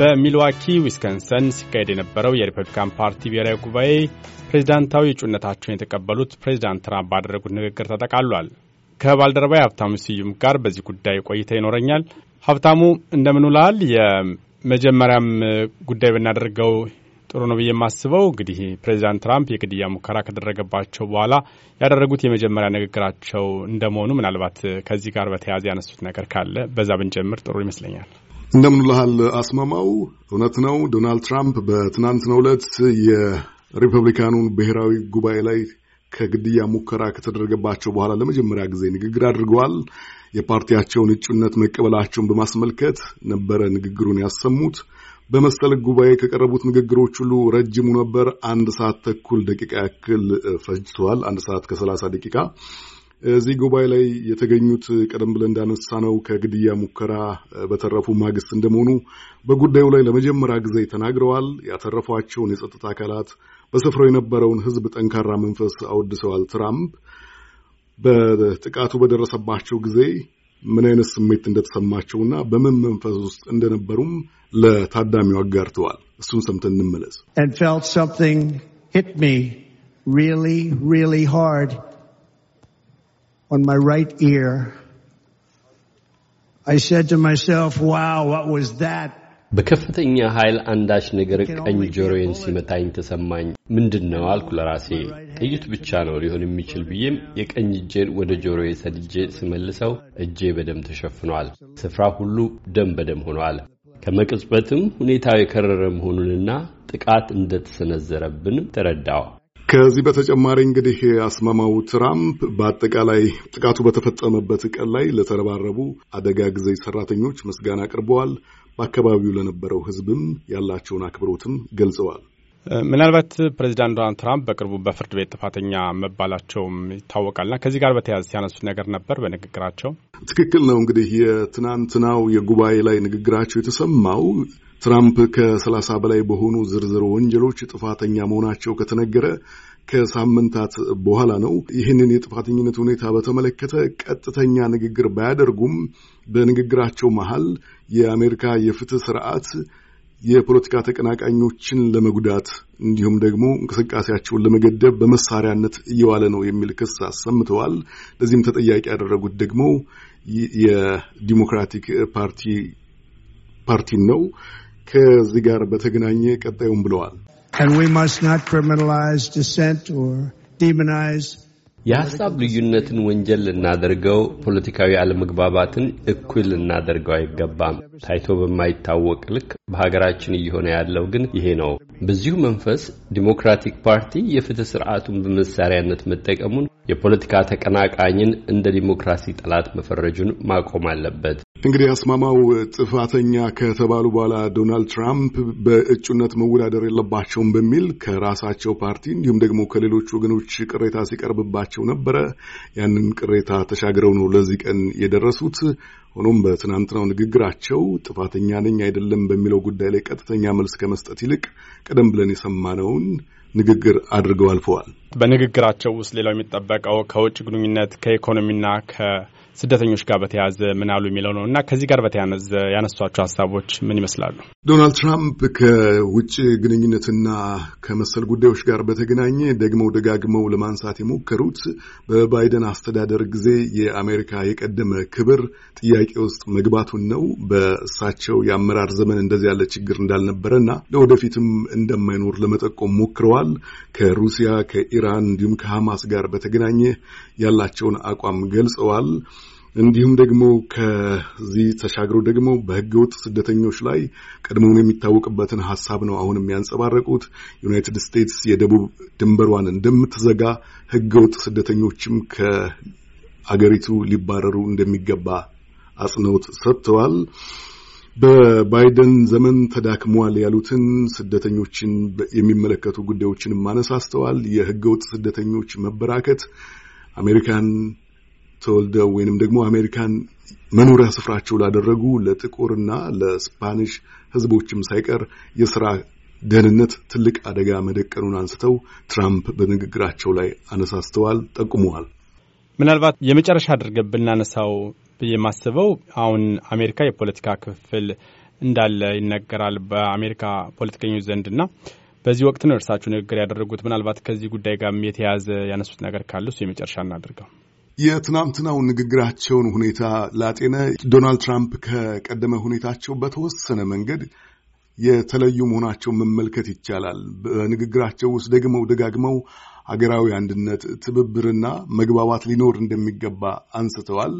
በሚልዋኪ ዊስከንሰን ሲካሄድ የነበረው የሪፐብሊካን ፓርቲ ብሔራዊ ጉባኤ ፕሬዚዳንታዊ እጩነታቸውን የተቀበሉት ፕሬዚዳንት ትራምፕ ባደረጉት ንግግር ተጠቃሏል። ከባልደረባ ሀብታሙ ስዩም ጋር በዚህ ጉዳይ ቆይታ ይኖረኛል። ሀብታሙ እንደምን ውላል? የመጀመሪያም ጉዳይ ብናደርገው ጥሩ ነው ብዬ የማስበው እንግዲህ ፕሬዚዳንት ትራምፕ የግድያ ሙከራ ከደረገባቸው በኋላ ያደረጉት የመጀመሪያ ንግግራቸው እንደመሆኑ ምናልባት ከዚህ ጋር በተያያዘ ያነሱት ነገር ካለ በዛ ብንጀምር ጥሩ ይመስለኛል። እንደምንልሃል አስማማው። እውነት ነው ዶናልድ ትራምፕ በትናንትናው ዕለት የሪፐብሊካኑን ብሔራዊ ጉባኤ ላይ ከግድያ ሙከራ ከተደረገባቸው በኋላ ለመጀመሪያ ጊዜ ንግግር አድርገዋል። የፓርቲያቸውን እጩነት መቀበላቸውን በማስመልከት ነበረ ንግግሩን ያሰሙት። በመሰል ጉባኤ ከቀረቡት ንግግሮች ሁሉ ረጅሙ ነበር። አንድ ሰዓት ተኩል ደቂቃ ያክል ፈጅተዋል። አንድ ሰዓት ከሰላሳ ደቂቃ እዚህ ጉባኤ ላይ የተገኙት ቀደም ብለን እንዳነሳ ነው ከግድያ ሙከራ በተረፉ ማግስት እንደመሆኑ በጉዳዩ ላይ ለመጀመሪያ ጊዜ ተናግረዋል። ያተረፏቸውን የጸጥታ አካላት፣ በስፍራው የነበረውን ሕዝብ ጠንካራ መንፈስ አወድሰዋል። ትራምፕ በጥቃቱ በደረሰባቸው ጊዜ ምን አይነት ስሜት እንደተሰማቸውና በምን መንፈስ ውስጥ እንደነበሩም ለታዳሚው አጋርተዋል። እሱን ሰምተን እንመለስ። on my right ear. I said to myself, wow, what was that? በከፍተኛ ኃይል አንዳች ነገር ቀኝ ጆሮዬን ሲመታኝ ተሰማኝ። ምንድን ነው አልኩ ለራሴ። ጥይት ብቻ ነው ሊሆን የሚችል ብዬም የቀኝ እጄን ወደ ጆሮዬ ሰድጄ ስመልሰው እጄ በደም ተሸፍኗል። ስፍራ ሁሉ ደም በደም ሆኗል። ከመቅጽበትም ሁኔታው የከረረ መሆኑንና ጥቃት እንደተሰነዘረብን ተረዳው። ከዚህ በተጨማሪ እንግዲህ አስማማው ትራምፕ በአጠቃላይ ጥቃቱ በተፈጸመበት ቀን ላይ ለተረባረቡ አደጋ ጊዜ ሰራተኞች ምስጋና አቅርበዋል። በአካባቢው ለነበረው ሕዝብም ያላቸውን አክብሮትም ገልጸዋል። ምናልባት ፕሬዚዳንት ዶናልድ ትራምፕ በቅርቡ በፍርድ ቤት ጥፋተኛ መባላቸውም ይታወቃልና ከዚህ ጋር በተያያዘ ሲያነሱት ነገር ነበር በንግግራቸው። ትክክል ነው። እንግዲህ የትናንትናው የጉባኤ ላይ ንግግራቸው የተሰማው ትራምፕ ከ30 በላይ በሆኑ ዝርዝር ወንጀሎች ጥፋተኛ መሆናቸው ከተነገረ ከሳምንታት በኋላ ነው። ይህንን የጥፋተኝነት ሁኔታ በተመለከተ ቀጥተኛ ንግግር ባያደርጉም በንግግራቸው መሃል የአሜሪካ የፍትህ ስርዓት የፖለቲካ ተቀናቃኞችን ለመጉዳት እንዲሁም ደግሞ እንቅስቃሴያቸውን ለመገደብ በመሳሪያነት እየዋለ ነው የሚል ክስ አሰምተዋል። ለዚህም ተጠያቂ ያደረጉት ደግሞ የዲሞክራቲክ ፓርቲ ፓርቲን ነው። ከዚህ ጋር በተገናኘ ቀጣዩም ብለዋል። የሀሳብ ልዩነትን ወንጀል ልናደርገው፣ ፖለቲካዊ አለመግባባትን እኩል ልናደርገው አይገባም። ታይቶ በማይታወቅ ልክ በሀገራችን እየሆነ ያለው ግን ይሄ ነው። በዚሁ መንፈስ ዲሞክራቲክ ፓርቲ የፍትህ ስርዓቱን በመሳሪያነት መጠቀሙን የፖለቲካ ተቀናቃኝን እንደ ዲሞክራሲ ጠላት መፈረጁን ማቆም አለበት። እንግዲህ አስማማው ጥፋተኛ ከተባሉ በኋላ ዶናልድ ትራምፕ በእጩነት መወዳደር የለባቸውም በሚል ከራሳቸው ፓርቲ እንዲሁም ደግሞ ከሌሎች ወገኖች ቅሬታ ሲቀርብባቸው ነበረ። ያንን ቅሬታ ተሻግረው ነው ለዚህ ቀን የደረሱት። ሆኖም በትናንትናው ንግግራቸው ጥፋተኛ ነኝ አይደለም በሚለው ጉዳይ ላይ ቀጥተኛ መልስ ከመስጠት ይልቅ ቀደም ብለን የሰማነውን ንግግር አድርገው አልፈዋል። በንግግራቸው ውስጥ ሌላው የሚጠበቀው ከውጭ ግንኙነት ከኢኮኖሚና ስደተኞች ጋር በተያያዘ ምን አሉ የሚለው ነው እና ከዚህ ጋር በተያያዘ ያነሷቸው ሀሳቦች ምን ይመስላሉ? ዶናልድ ትራምፕ ከውጭ ግንኙነትና ከመሰል ጉዳዮች ጋር በተገናኘ ደግመው ደጋግመው ለማንሳት የሞከሩት በባይደን አስተዳደር ጊዜ የአሜሪካ የቀደመ ክብር ጥያቄ ውስጥ መግባቱን ነው። በእሳቸው የአመራር ዘመን እንደዚህ ያለ ችግር እንዳልነበረ እና ለወደፊትም እንደማይኖር ለመጠቆም ሞክረዋል። ከሩሲያ ከኢራን እንዲሁም ከሐማስ ጋር በተገናኘ ያላቸውን አቋም ገልጸዋል። እንዲሁም ደግሞ ከዚህ ተሻግሮ ደግሞ በህገወጥ ስደተኞች ላይ ቀድሞውን የሚታወቅበትን ሀሳብ ነው አሁን የሚያንጸባረቁት። ዩናይትድ ስቴትስ የደቡብ ድንበሯን እንደምትዘጋ ህገወጥ ስደተኞችም ከአገሪቱ ሊባረሩ እንደሚገባ አጽንኦት ሰጥተዋል። በባይደን ዘመን ተዳክሟል ያሉትን ስደተኞችን የሚመለከቱ ጉዳዮችንም አነሳስተዋል። የህገወጥ ስደተኞች መበራከት አሜሪካን ተወልደው ወይንም ደግሞ አሜሪካን መኖሪያ ስፍራቸው ላደረጉ ለጥቁርና ለስፓኒሽ ህዝቦችም ሳይቀር የስራ ደህንነት ትልቅ አደጋ መደቀኑን አንስተው ትራምፕ በንግግራቸው ላይ አነሳስተዋል፣ ጠቁመዋል። ምናልባት የመጨረሻ አድርገን ብናነሳው ብዬ የማስበው አሁን አሜሪካ የፖለቲካ ክፍፍል እንዳለ ይነገራል በአሜሪካ ፖለቲከኞች ዘንድና በዚህ ወቅት ነው እርሳቸው ንግግር ያደረጉት። ምናልባት ከዚህ ጉዳይ ጋር የተያያዘ ያነሱት ነገር ካለ እሱ የመጨረሻ እናድርገው። የትናንትናው ንግግራቸውን ሁኔታ ላጤነ ዶናልድ ትራምፕ ከቀደመ ሁኔታቸው በተወሰነ መንገድ የተለዩ መሆናቸው መመልከት ይቻላል። በንግግራቸው ውስጥ ደግመው ደጋግመው ሀገራዊ አንድነት፣ ትብብርና መግባባት ሊኖር እንደሚገባ አንስተዋል።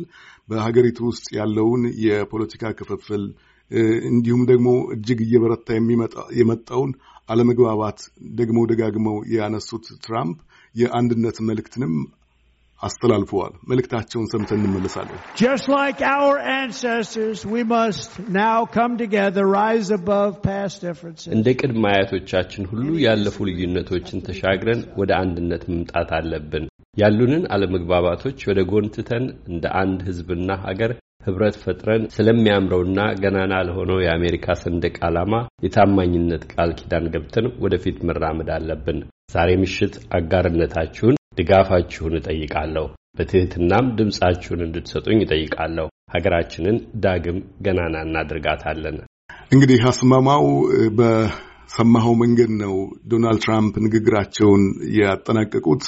በሀገሪቱ ውስጥ ያለውን የፖለቲካ ክፍፍል እንዲሁም ደግሞ እጅግ እየበረታ የመጣውን አለመግባባት ደግሞ ደጋግመው ያነሱት ትራምፕ የአንድነት መልእክትንም አስተላልፈዋል። መልእክታቸውን ሰምተን እንመለሳለን። Just like our ancestors, we must now come together, rise above past differences. እንደ ቅድመ አያቶቻችን ሁሉ ያለፉ ልዩነቶችን ተሻግረን ወደ አንድነት መምጣት አለብን። ያሉንን አለመግባባቶች ወደ ጎን ትተን እንደ አንድ ሕዝብና ሀገር ህብረት ፈጥረን ስለሚያምረውና ገናና ለሆነው የአሜሪካ ሰንደቅ ዓላማ የታማኝነት ቃል ኪዳን ገብተን ወደፊት መራመድ አለብን። ዛሬ ምሽት አጋርነታችሁን ድጋፋችሁን እጠይቃለሁ። በትህትናም ድምፃችሁን እንድትሰጡኝ እጠይቃለሁ። ሀገራችንን ዳግም ገናና እናድርጋታለን። እንግዲህ አስማማው በሰማኸው መንገድ ነው ዶናልድ ትራምፕ ንግግራቸውን ያጠናቀቁት።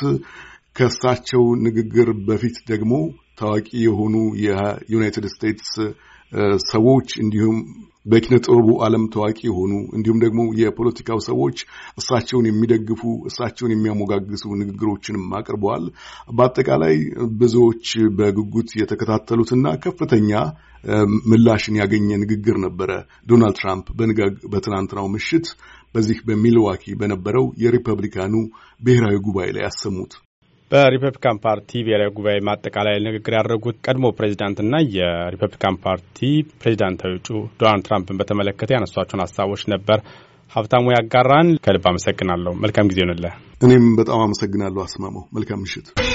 ከእሳቸው ንግግር በፊት ደግሞ ታዋቂ የሆኑ የዩናይትድ ስቴትስ ሰዎች እንዲሁም በኪነ ጥበቡ ዓለም ታዋቂ የሆኑ እንዲሁም ደግሞ የፖለቲካው ሰዎች እሳቸውን የሚደግፉ እሳቸውን የሚያሞጋግሱ ንግግሮችንም አቅርበዋል። በአጠቃላይ ብዙዎች በጉጉት የተከታተሉትና ከፍተኛ ምላሽን ያገኘ ንግግር ነበረ ዶናልድ ትራምፕ በትናንትናው ምሽት በዚህ በሚልዋኪ በነበረው የሪፐብሊካኑ ብሔራዊ ጉባኤ ላይ ያሰሙት። በሪፐብሊካን ፓርቲ ብሔራዊ ጉባኤ ማጠቃለያ ንግግር ያደረጉት ቀድሞ ፕሬዚዳንትና የሪፐብሊካን ፓርቲ ፕሬዚዳንታዊ እጩ ዶናልድ ትራምፕን በተመለከተ ያነሷቸውን ሀሳቦች ነበር ሀብታሙ ያጋራን። ከልብ አመሰግናለሁ። መልካም ጊዜ ይሁንልህ። እኔም በጣም አመሰግናለሁ አስማማው። መልካም ምሽት።